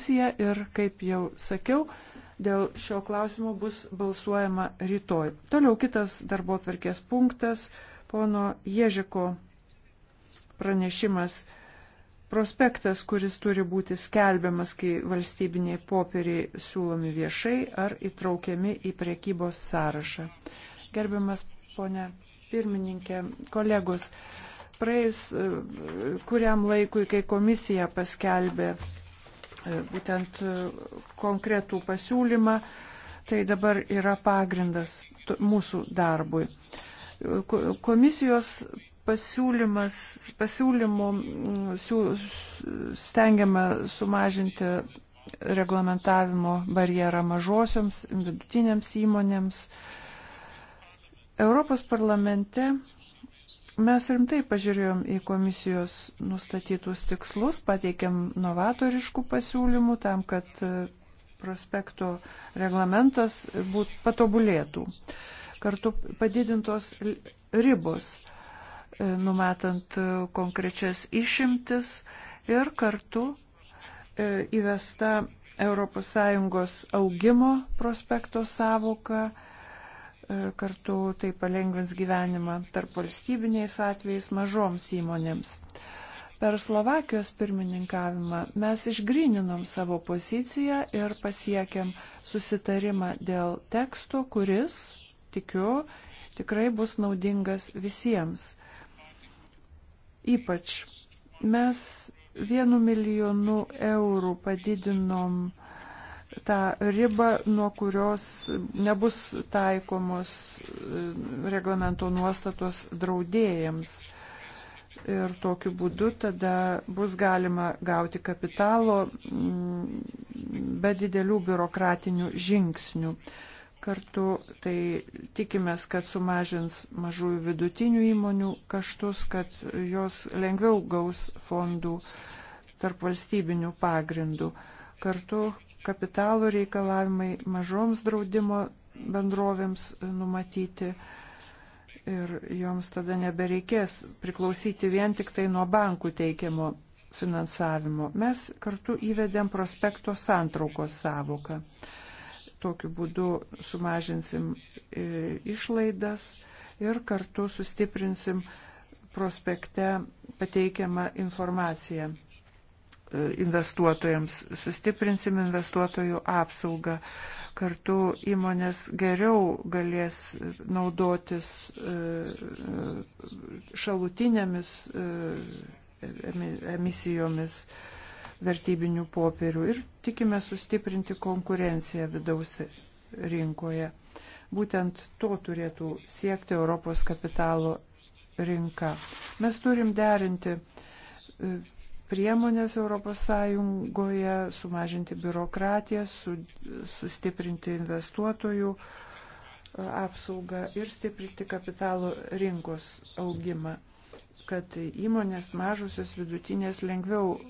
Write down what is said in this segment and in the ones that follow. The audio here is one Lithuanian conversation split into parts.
diskusija ir, kaip jau sakiau, dėl šio klausimo bus balsuojama rytoj. Toliau kitas darbo tvarkės punktas - pono Ježiko pranešimas prospektas, kuris turi būti skelbiamas, kai valstybiniai popieriai siūlomi viešai ar įtraukiami į priekybos sąrašą. Gerbiamas ponė pirmininkė, kolegos, praėjus e, kuriam laikui, kai komisija paskelbė E, būtent e, konkretų pasiūlymą, tai dabar yra pagrindas mūsų darbui. E, komisijos pasiūlymas, pasiūlymu stengiama sumažinti reglamentavimo barjerą mažosioms, vidutinėms įmonėms. Europos parlamente Mes rimtai pažiūrėjom į komisijos nustatytus tikslus, pateikėm novatoriškų pasiūlymų tam, kad e, prospekto reglamentas būt, patobulėtų. Kartu padidintos ribos, e, numatant e, konkrečias išimtis ir kartu įvesta ES augimo prospekto savoka E, kartu tai palengvins gyvenimą tarp valstybiniais atvejais mažoms įmonėms. Per Slovakijos pirmininkavimą mes išgrininom savo poziciją ir pasiekėm susitarimą dėl teksto, kuris, tikiu, tikrai bus naudingas visiems. Ypač mes vienu milijonu eurų padidinom uh, tą ribą, nuo kurios nebus taikomos e, reglamento nuostatos draudėjams. Ir tokiu būdu tada bus galima gauti kapitalo mm, be didelių biurokratinių žingsnių. Kartu tai tikimės, kad sumažins mažųjų vidutinių įmonių kaštus, kad jos lengviau gaus fondų tarp valstybinių pagrindų. Kartu kapitalo reikalavimai mažoms draudimo bendrovėms numatyti ir joms tada nebereikės priklausyti vien tik tai nuo bankų teikiamo finansavimo. Mes kartu įvedėm prospekto santraukos savoką. Tokiu būdu sumažinsim e, išlaidas ir kartu sustiprinsim prospekte pateikiamą informaciją investuotojams, sustiprinsim investuotojų apsaugą. Kartu įmonės geriau galės naudotis e, šalutinėmis e, emisijomis vertybinių popierių ir tikime sustiprinti konkurenciją vidaus rinkoje. Būtent to turėtų siekti Europos kapitalo rinka. Mes turim derinti e, priemonės ES, sumažinti biurokratiją, su, sustiprinti investuotojų e, apsaugą ir stiprinti kapitalo rinkos augimą, kad įmonės mažusios vidutinės lengviau e,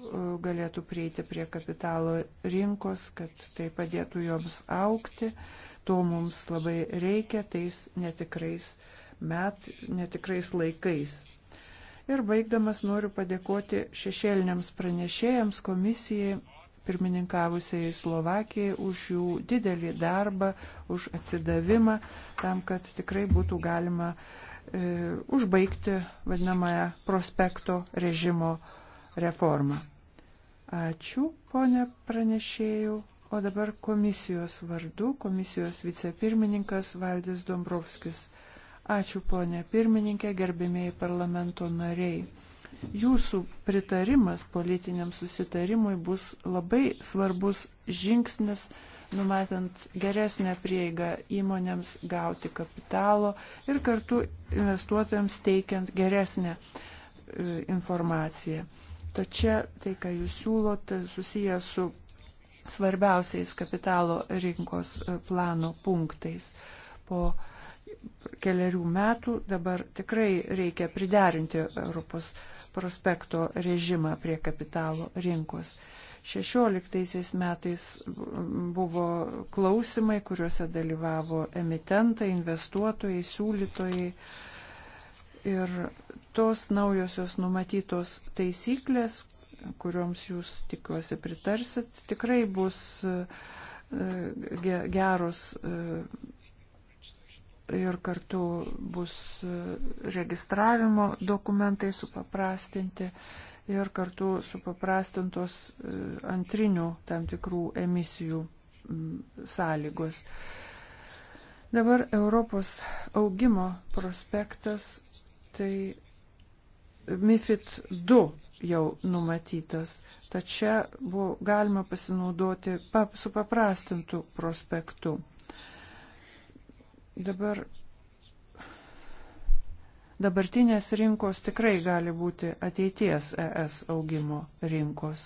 galėtų prieiti prie kapitalo rinkos, kad tai padėtų joms aukti. To mums labai reikia tais netikrais, met, netikrais laikais. Ir baigdamas noriu padėkoti šešėliniams pranešėjams, komisijai, pirmininkavusiai Slovakijai už jų didelį darbą, už atsidavimą, tam, kad tikrai būtų galima e, užbaigti vadinamąją prospekto režimo reformą. Ačiū, ponė pranešėjų. O dabar komisijos vardu, komisijos vicepirmininkas Valdis Dombrovskis. Ačiū, ponė pirmininkė, gerbėmėjai parlamento nariai. Jūsų pritarimas politiniam susitarimui bus labai svarbus žingsnis, numatant geresnę prieigą įmonėms gauti kapitalo ir kartu investuotojams teikiant geresnę e, informaciją. Tačiau tai, ką jūs siūlote, susijęs su svarbiausiais kapitalo rinkos e, plano punktais. Po keliarių metų dabar tikrai reikia priderinti Europos prospekto režimą prie kapitalo rinkos. 16 metais buvo klausimai, kuriuose dalyvavo emitentai, investuotojai, siūlytojai. Ir tos naujosios numatytos taisyklės, kuriuoms jūs tikiuosi pritarsit, tikrai bus e, geros e, ir kartu bus registravimo dokumentai supaprastinti ir kartu supaprastintos e, antrinių tam tikrų emisijų sąlygos. Dabar Europos augimo prospektas, tai MIFID 2 jau numatytas, tačiau buvo galima pasinaudoti supaprastintų prospektų. Dabar dabartinės rinkos tikrai gali būti ateities ES augimo rinkos.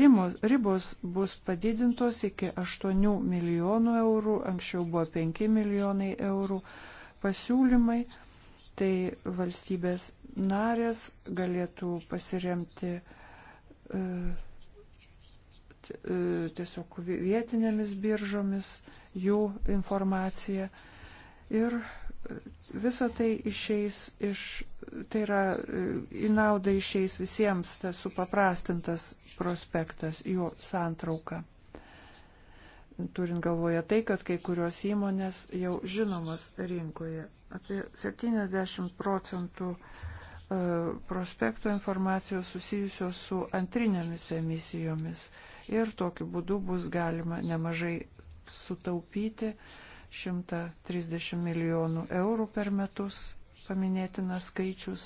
Rimos, ribos bus padidintos iki 8 milijonų eurų, anksčiau buvo 5 milijonai eurų pasiūlymai, tai valstybės narės galėtų pasiremti e, e tiesiog vietinėmis biržomis jų informaciją. E, Ir visa tai išeis iš, tai yra, į naudą išeis visiems tas supaprastintas prospektas, jo santrauka turint galvoje tai, kad kai kurios įmonės jau žinomos rinkoje. Apie 70 procentų e, prospekto informacijos susijusios su antrinėmis emisijomis ir tokiu būdu bus galima nemažai sutaupyti, 130 milijonų eurų per metus paminėtinas skaičius.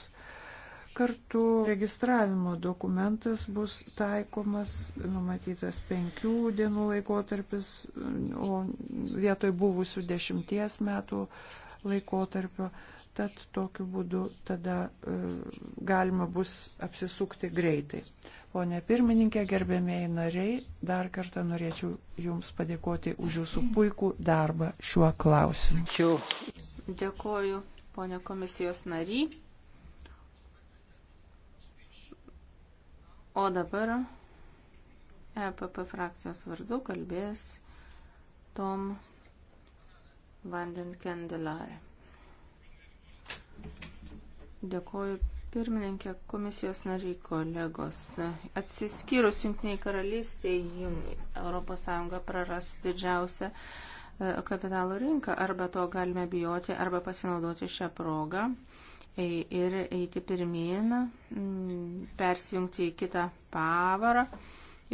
Kartu registravimo dokumentas bus taikomas, numatytas penkių dienų laikotarpis, o vietoj buvusių dešimties metų laikotarpio. Tad tokiu būdu tada e, galima bus apsisukti greitai. Pone pirmininkė, gerbėmėjai nariai, dar kartą norėčiau Jums padėkoti už Jūsų puikų darbą šiuo klausimu. Dėkoju, ponė komisijos nary. O dabar EPP frakcijos vardu kalbės Tom Vandenkendelarė. Dėkoju pirmininkė, komisijos nariai, kolegos. Atsiskyrus Junktiniai karalystiai, ES praras didžiausią e, kapitalo rinką. Arba to galime bijoti, arba pasinaudoti šią progą e, ir eiti pirmin, mm, persijungti į kitą pavarą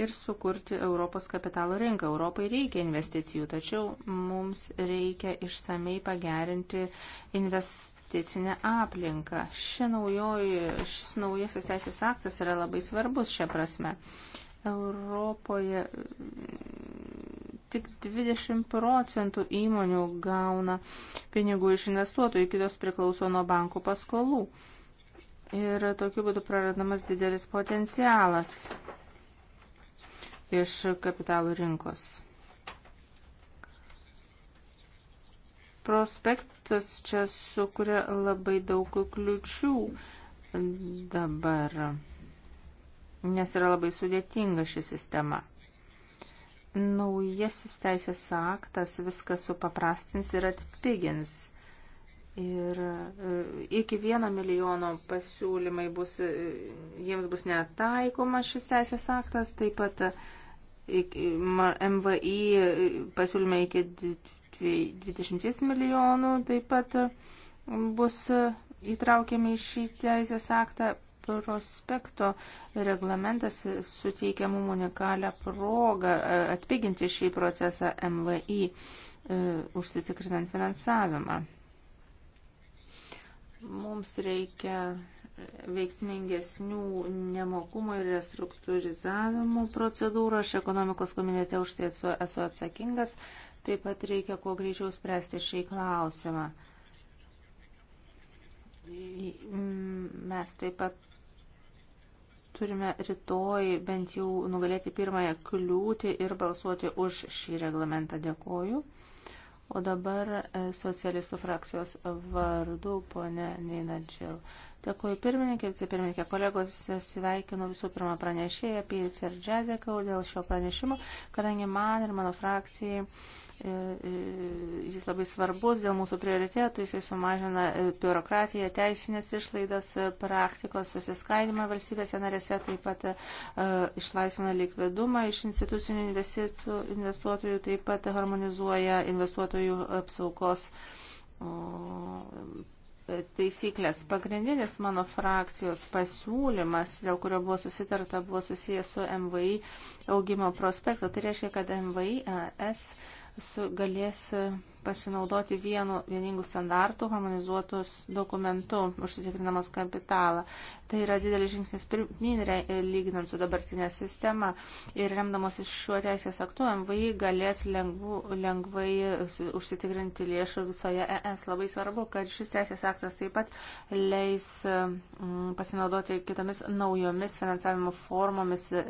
ir sukurti Europos kapitalo rinką. Europai reikia investicijų, tačiau mums reikia išsamei pagerinti invest investicinę aplinką. Ši naujoji, šis naujasis teisės aktas yra labai svarbus šią prasme. Europoje mm, tik 20 procentų įmonių gauna pinigų iš investuotojų, kitos priklauso nuo bankų paskolų. Ir tokiu būdu praradamas didelis potencialas iš kapitalų rinkos. prospektas čia sukuria labai daug kliučių dabar, nes yra labai sudėtinga ši sistema. Naujasis teisės aktas viską supaprastins ir atpigins. Ir e, iki vieno milijono pasiūlymai bus, e, jiems bus netaikoma šis teisės aktas, taip pat e, MVI pasiūlymai iki atvejai 20 milijonų taip pat e, bus e, įtraukiami į šį teisės aktą. Prospekto reglamentas e, suteikia mum unikalią progą atpiginti šį procesą MVI, užsitikrinant finansavimą. Mums reikia veiksmingesnių nemokumo ir restruktūrizavimo procedūrų. Aš ekonomikos komitete už tai esu, esu atsakingas. Taip pat reikia kuo greičiau spręsti šį klausimą. Mm, mes taip pat turime rytoj bent jau nugalėti pirmąją kliūtį ir balsuoti už šį reglamentą. Dėkoju. O dabar e, socialistų frakcijos vardu ponė Nina Džil. Dėkuoju pirmininkė, vicepirmininkė, kolegos, sveikinu visų pirma pranešėją Pilts ir Džezeką dėl šio pranešimo, kadangi man ir mano frakcijai e, e, jis labai svarbus dėl mūsų prioritėtų, jis sumažina e, biurokratiją, teisinės išlaidas, praktikos susiskaidimą valstybėse narėse, taip pat išlaisvina likvidumą iš institucinių investuotojų, taip pat harmonizuoja investuotojų apsaugos taisyklės. Pagrindinis mano frakcijos pasiūlymas, dėl kurio buvo susitarta, buvo susijęs su MVI augimo prospektu. Tai reiškia, kad MVI ES galės pasinaudoti vienu vieningu standartu, harmonizuotus dokumentu, užsitikrinamos kapitalą. Tai yra didelis žingsnis pirmin, lyginant su dabartinė sistema. Ir remdamosis šiuo teisės aktu, MVI galės lengvu, lengvai užsitikrinti lėšų visoje ES. Labai svarbu, kad šis teisės aktas taip pat leis mm, pasinaudoti kitomis naujomis finansavimo formomis, e,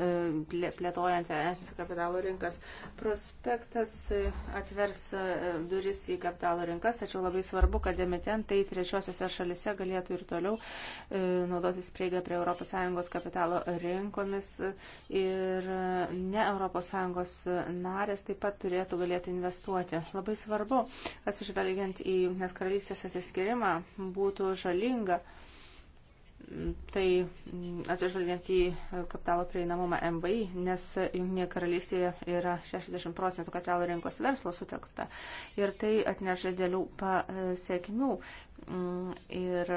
plėtojant ES kapitalo rinkas. Prospektas e, atvers e, durį duris į kapitalo rinkas, tačiau labai svarbu, kad emitentai trečiosiose šalise galėtų ir toliau e, naudotis prieigą prie ES kapitalo rinkomis ir ne ES narės taip pat turėtų galėti investuoti. Labai svarbu, atsižvelgiant į Junktinės karalystės atsiskirimą, būtų žalinga. Tai mm, atsižvelgiant į kapitalo prieinamumą MBI, nes Junktinėje karalystėje yra 60 procentų kapitalo rinkos verslo sutelkta ir tai atneša dėlių pasiekmių. Mm, ir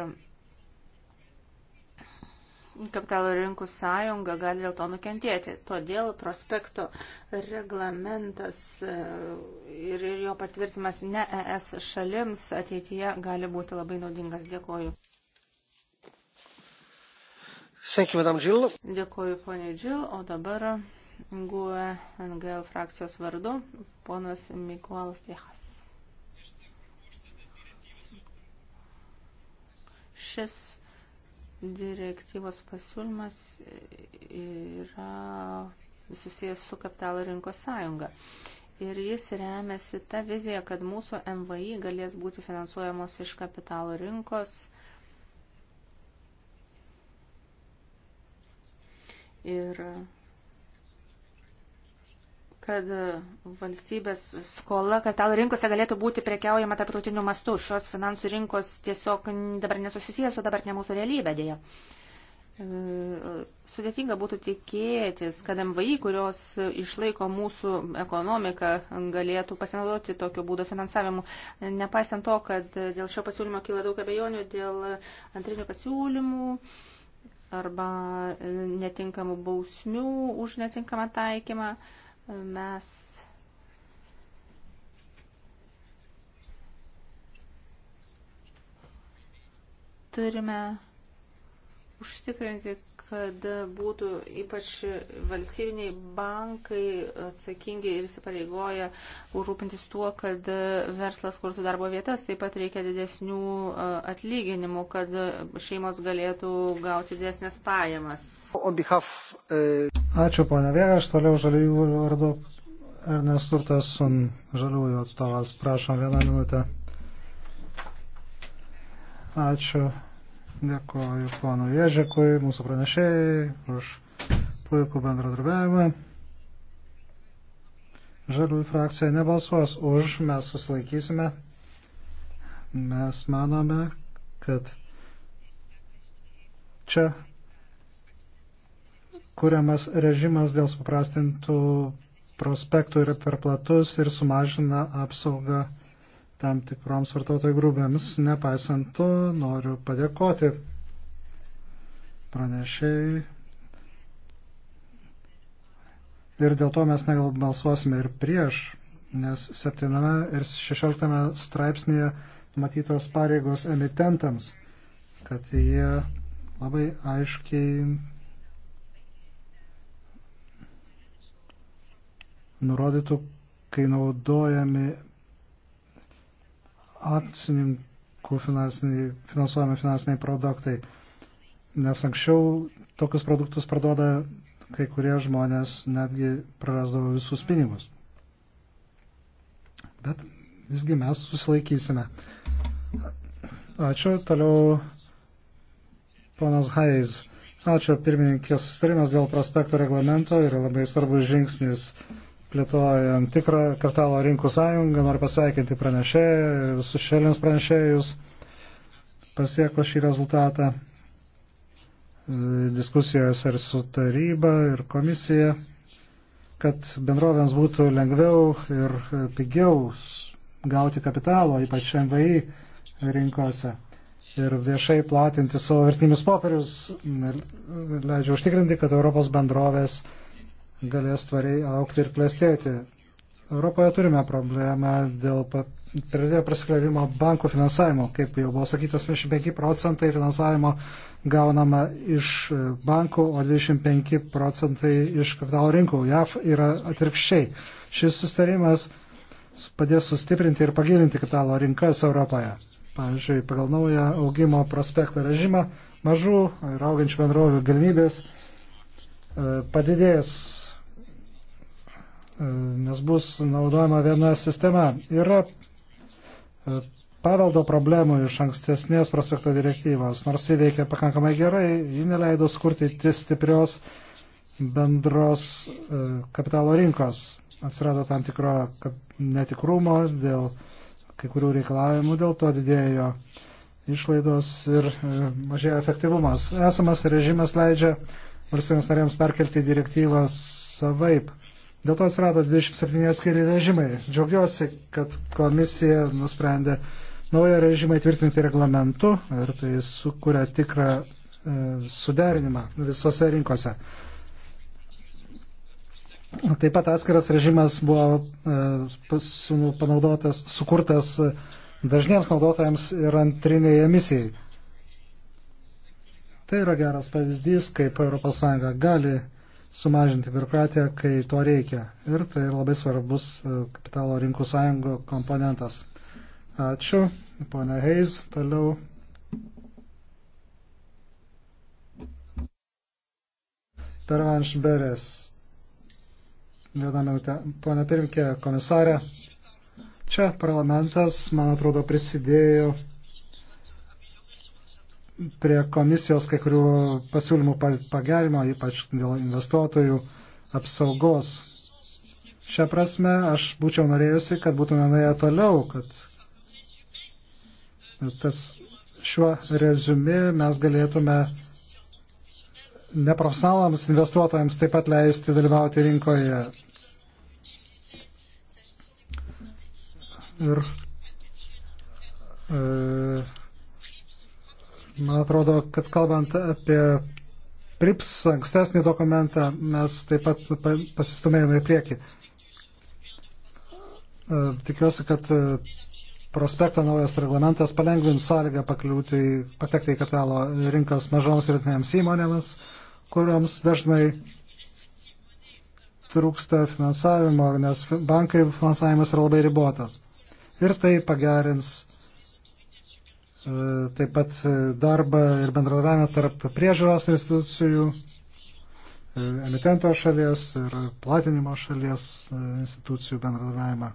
kapitalo rinkų sąjunga gali dėl to nukentėti. Todėl prospekto reglamentas e, ir jo patvirtimas ne ES šalims ateityje gali būti labai naudingas. Dėkoju. Thank you, Madam Jill. Dėkuoju, ponė Džil, o dabar GUE NGL frakcijos vardu ponas Mikuel Fijas. Šis direktyvos pasiūlymas yra susijęs su kapitalo rinkos sąjunga. Ir jis remiasi tą viziją, kad mūsų MVI galės būti finansuojamos iš kapitalo rinkos ir kad valstybės skola kapitalų rinkose galėtų būti prekiaujama tarptautiniu mastu. Šios finansų rinkos tiesiog dabar nesusijęs su dabartinė mūsų realybė dėja. E, sudėtinga būtų tikėtis, kad MVI, kurios išlaiko mūsų ekonomiką, galėtų pasinaudoti tokiu būdu finansavimu. Nepaisant to, kad dėl šio pasiūlymo kyla daug abejonių, dėl antrinių pasiūlymų. Uh, arba e, netinkamų bausmių už netinkamą taikymą. Mes turime užtikrinti, kad būtų ypač valstybiniai bankai atsakingi ir įsipareigoja rūpintis tuo, kad verslas kurtų darbo vietas. Taip pat reikia didesnių atlyginimų, kad šeimos galėtų gauti didesnės pajamas. Behalf, uh... Ačiū, ponia Vėga. Aš toliau žaliųjų vardu Ernest Turtas, žaliųjų atstovas. Prašom vieną minutę. Ačiū. Dėkoju ponui Ježekui, mūsų pranešėjai, už puikų bendradarbiavimą. Žaliųjų frakcija nebalsuos už, mes susilaikysime. Mes manome, kad čia kuriamas režimas dėl suprastintų prospektų yra per platus ir sumažina apsaugą tam tikroms vartotojų grūbėms. Nepaisant to, noriu padėkoti pranešėjai. Ir dėl to mes balsuosime ir prieš, nes 7 ir 16 straipsnėje matytos pareigos emitentams, kad jie labai aiškiai nurodytų, kai naudojami akcininkų finansuojami finansiniai produktai. Nes anksčiau tokius produktus parduoda kai kurie žmonės netgi prarasdavo visus pinigus. Bet visgi mes susilaikysime. Ačiū. Toliau ponas Haiz. Ačiū pirmininkė. Sustarimas dėl prospekto reglamento yra labai svarbus žingsnis plėtojant tikrą kapitalo rinkų sąjungą. Noriu pasveikinti pranešėjų ir visus šelinius pranešėjus pasieko šį rezultatą diskusijos ir su taryba ir komisija, kad bendrovėms būtų lengviau ir pigiau gauti kapitalo, ypač MVI rinkose. Ir viešai platinti savo vertinius popierius leidžia užtikrinti, kad Europos bendrovės uh, galės tvariai aukti ir klestėti. Europoje turime problemą dėl pradėjo prasiklevimo bankų finansavimo. Kaip jau buvo sakytas, 25 procentai finansavimo gaunama iš bankų, o 25 procentai iš kapitalo rinkų. JAF yra atvirkščiai. Šis sustarimas padės sustiprinti ir pagilinti kapitalo rinkas Europoje. Pavyzdžiui, pagal naują augimo prospektą režimą mažų ir augančių bendrovių galimybės e, padidės E, nes bus naudojama viena sistema. Yra e, paveldo problemų iš ankstesnės prospekto direktyvos, nors jį veikia pakankamai gerai, ji neleido skurti stiprios bendros e, kapitalo rinkos. Atsirado tam tikro netikrumo dėl kai kurių reikalavimų, dėl to didėjo išlaidos ir mažėjo efektyvumas. Esamas režimas leidžia valstybėms narėms perkelti direktyvą savaip Dėl to atsirado 27 atskiri režimai. Džiaugiuosi, kad komisija nusprendė naują režimą įtvirtinti reglamentu ir tai sukuria tikrą e, suderinimą visose rinkose. Taip pat atskiras režimas buvo e, panaudotas, sukurtas e, dažniems naudotojams ir antriniai emisijai. Tai yra geras pavyzdys, kaip ES gali sumažinti biurokratiją, kai to reikia. Ir tai labai svarbus e, kapitalo rinkų sąjungo komponentas. Ačiū, ponia Heiz. Toliau. Pervanš Beres. Vieną minutę. Pone pirmkė, komisarė. Čia parlamentas, man atrodo, prisidėjo prie komisijos kai kurių pasiūlymų pagerimo, ypač dėl investuotojų apsaugos. Šią prasme aš būčiau norėjusi, kad būtume nuėję toliau, kad tas šiuo rezumi mes galėtume neprofesionalams investuotojams taip pat leisti dalyvauti rinkoje. Ir e, Man atrodo, kad kalbant apie PRIPS ankstesnį dokumentą, mes taip pat pasistumėjome į priekį. E, tikiuosi, kad e, prospekto naujas reglamentas palengvins sąlygą pakliūti, patekti į katalo rinkas mažoms ir vidutinėms įmonėms, kuriams dažnai trūksta finansavimo, nes bankai finansavimas yra labai ribotas. Ir tai pagerins E, taip pat e, darbą ir bendradavimą tarp priežiūros institucijų, e, emitento šalies ir platinimo šalies institucijų bendradavimą.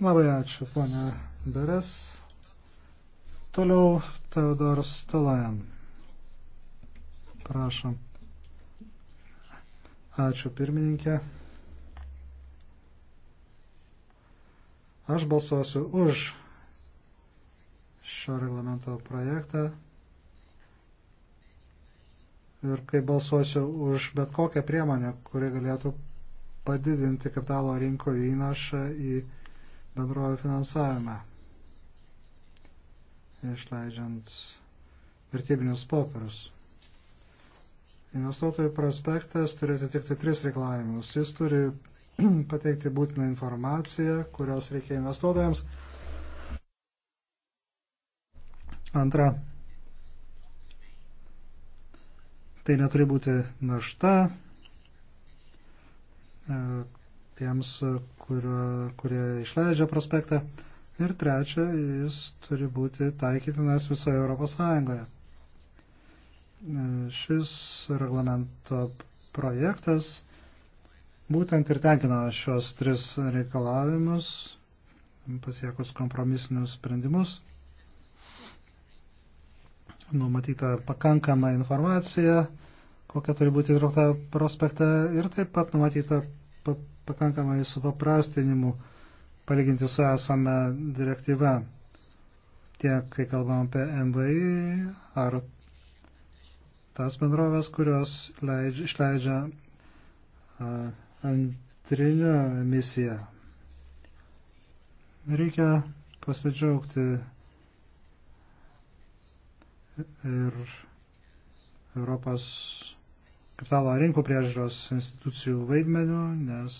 Labai ačiū, ponė Beres. Toliau Teodoras Stalajan. Prašom. Ačiū pirmininkė. Aš balsuosiu už šio reglamento projektą. Ir kai balsuosiu už bet kokią priemonę, kuri galėtų padidinti kapitalo rinko įnašą į bendrovę finansavimą, išleidžiant vertybinius popierius. Investuotojų prospektas turi atitikti tris reikalavimus. Jis turi pateikti būtiną informaciją, kurios reikia investuotojams Antra, tai neturi būti našta e, tiems, kurio, kurie išleidžia prospektą. Ir trečia, jis turi būti taikytinas visoje Europos Sąjungoje. E, šis reglamento projektas būtent ir tenkina šios tris reikalavimus, pasiekus kompromisinius sprendimus numatyta pakankama informacija, kokia turi būti įtraukta prospektą ir taip pat numatyta pakankamai supaprastinimu palyginti su esame direktyva. Tiek, kai kalbam apie MVI ar tas bendrovės, kurios leidž, išleidžia antrinę misiją. Reikia pasidžiaugti ir Europos kapitalo rinkų priežiūros institucijų vaidmenių, nes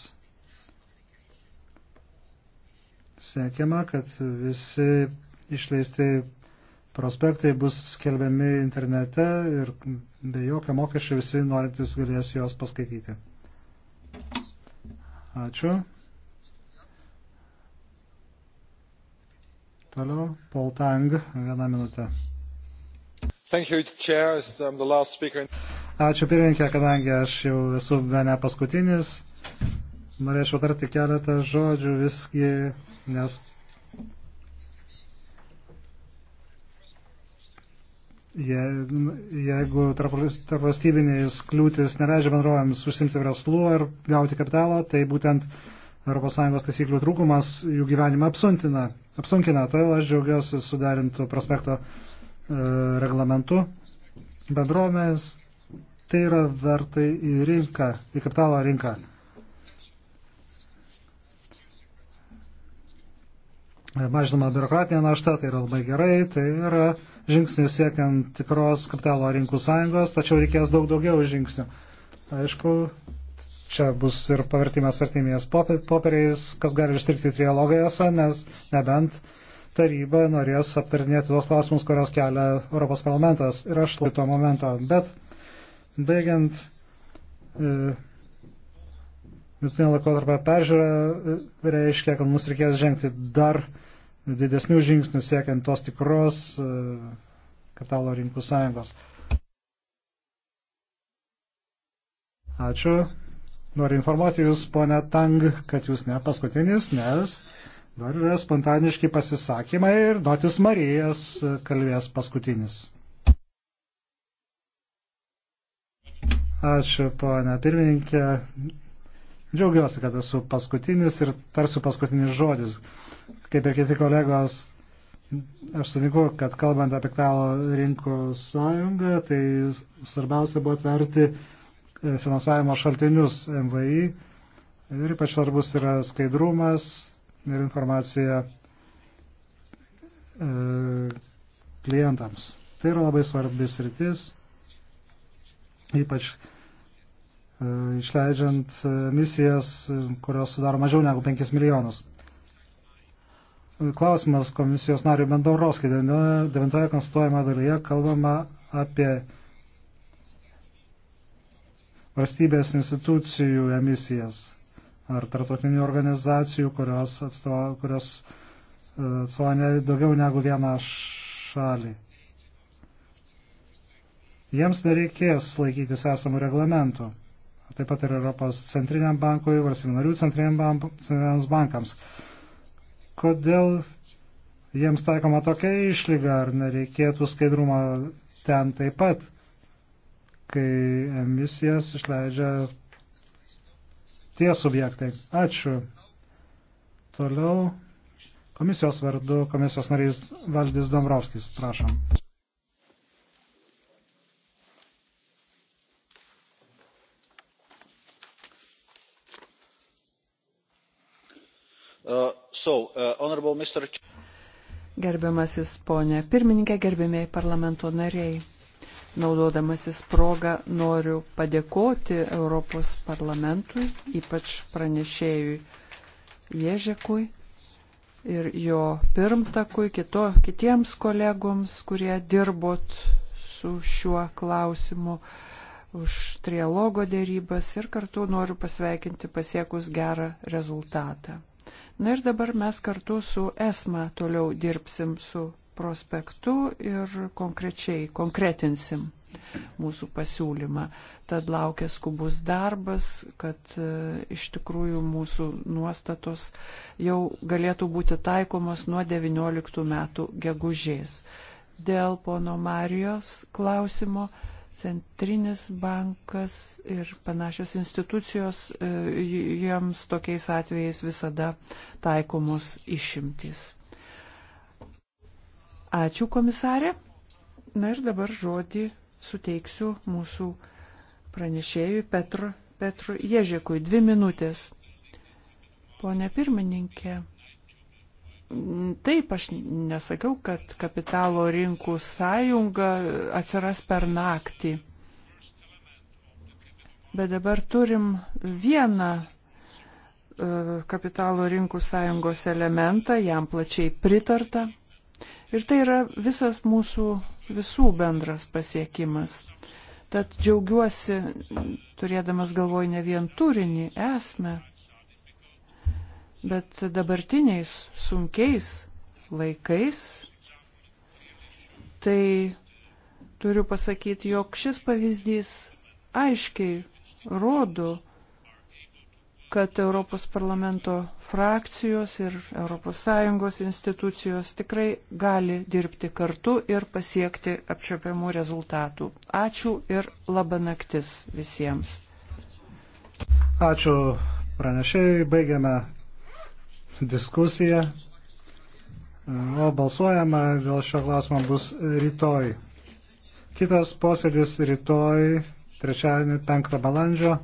siekiama, kad visi išleisti prospektai bus skelbiami internete ir be jokio mokesčio visi norintys galės juos paskaityti. Ačiū. Toliau, Paul Tang, vieną minutę. Um, Ačiū pirmininkė, kadangi aš jau esu ne paskutinis. Norėčiau tarti keletą žodžių visgi, nes Je, jeigu tarpvalstybinės kliūtis neleidžia bendrovėms užsimti verslų ir gauti kapitalo, tai būtent ES taisyklių trūkumas jų gyvenimą apsunkina. apsunkina. Todėl aš džiaugiuosi sudarintų prospekto E, reglamentu bendrovės tai yra vertai į rinką, į kapitalo rinką. Mažinama biurokratinė našta, tai yra labai gerai, tai yra žingsnis siekiant tikros kapitalo rinkų sąjungos, tačiau reikės daug daugiau žingsnių. Aišku, čia bus ir pavertimas artimės popieriais, kas gali ištrikti trialogijose, nes nebent uh, taryba norės aptarinėti tuos klausimus, kurios kelia Europos parlamentas. Ir aš laukiu to momento. Bet baigiant e, vidutinio laikotarpio peržiūrą, e, reiškia, kad mums reikės žengti dar didesnių žingsnių siekiant tos tikros e, kapitalo rinkų sąjungos. Ačiū. Noriu informuoti Jūs, ponė Tang, kad Jūs ne paskutinis, nes Dar yra spontaniški pasisakymai ir Dotis Marijas kalbės paskutinis. Ačiū, ponia pirmininkė. Džiaugiuosi, kad esu paskutinis ir tarsiu paskutinis žodis. Kaip ir kiti kolegos, aš sutinku, kad kalbant apie kapitalo rinkų sąjungą, tai svarbiausia buvo atverti e, finansavimo šaltinius MVI ir ypač svarbus yra skaidrumas ir informaciją e, klientams. Tai yra labai svarbis rytis, ypač e, išleidžiant e, misijas, kurios sudaro mažiau negu 5 milijonus. Klausimas komisijos nariui Bendaurovskai. 9 konstatuojama dalyje kalbama apie valstybės institucijų emisijas ar tarptautinių organizacijų, kurios atstovauja e, atstova daugiau negu vieną šalį. Jiems nereikės laikytis esamų reglamentų. Taip pat ir Europos centriniam bankui, valstybinarių centriniams bankams. Kodėl jiems taikoma tokia išlyga, ar nereikėtų skaidrumo ten taip pat, kai emisijas išleidžia tie subjektai. Ačiū. Toliau komisijos vardu komisijos narys Valdis Dombrovskis. Prašom. Uh, so, uh, Gerbiamasis ponė pirmininkė, gerbėmiai parlamento nariai. Naudodamasis progą noriu padėkoti Europos parlamentui, ypač pranešėjui Ježekui ir jo pirmtakui, kito, kitiems kolegoms, kurie dirbot su šiuo klausimu už trialogo dėrybas ir kartu noriu pasveikinti pasiekus gerą rezultatą. Na ir dabar mes kartu su ESMA toliau dirbsim su prospektu ir konkrečiai konkretinsim mūsų pasiūlymą. Tad laukia skubus darbas, kad e, iš tikrųjų mūsų nuostatos jau galėtų būti taikomos nuo 19 metų gegužės. Dėl pono Marijos klausimo centrinis bankas ir panašios institucijos e, jiems tokiais atvejais visada taikomos išimtis. Ačiū komisarė. Na ir dabar žodį suteiksiu mūsų pranešėjui Petru, Petru Ježekui. Dvi minutės. Pone pirmininkė, taip aš nesakiau, kad kapitalo rinkų sąjunga atsiras per naktį. Bet dabar turim vieną e, kapitalo rinkų sąjungos elementą, jam plačiai pritarta. Ir tai yra visas mūsų visų bendras pasiekimas. Tad džiaugiuosi, turėdamas galvoj ne vien turinį, esmę, bet dabartiniais sunkiais laikais, tai turiu pasakyti, jog šis pavyzdys aiškiai rodo, kad Europos parlamento frakcijos ir ES institucijos tikrai gali dirbti kartu ir pasiekti apčiopiamų rezultatų. Ačiū ir laba naktis visiems. Ačiū pranešėjai, baigiame diskusiją. O balsuojama dėl šio klausimo bus rytoj. Kitas posėdis rytoj, trečiadienį, 5 balandžio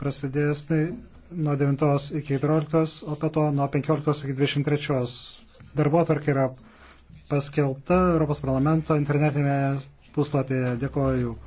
prasidės tai nuo 9 iki 14, o po to nuo 15 iki 23. Darbo tarkai yra paskelbta Europos parlamento internetinėje puslapyje. Dėkoju.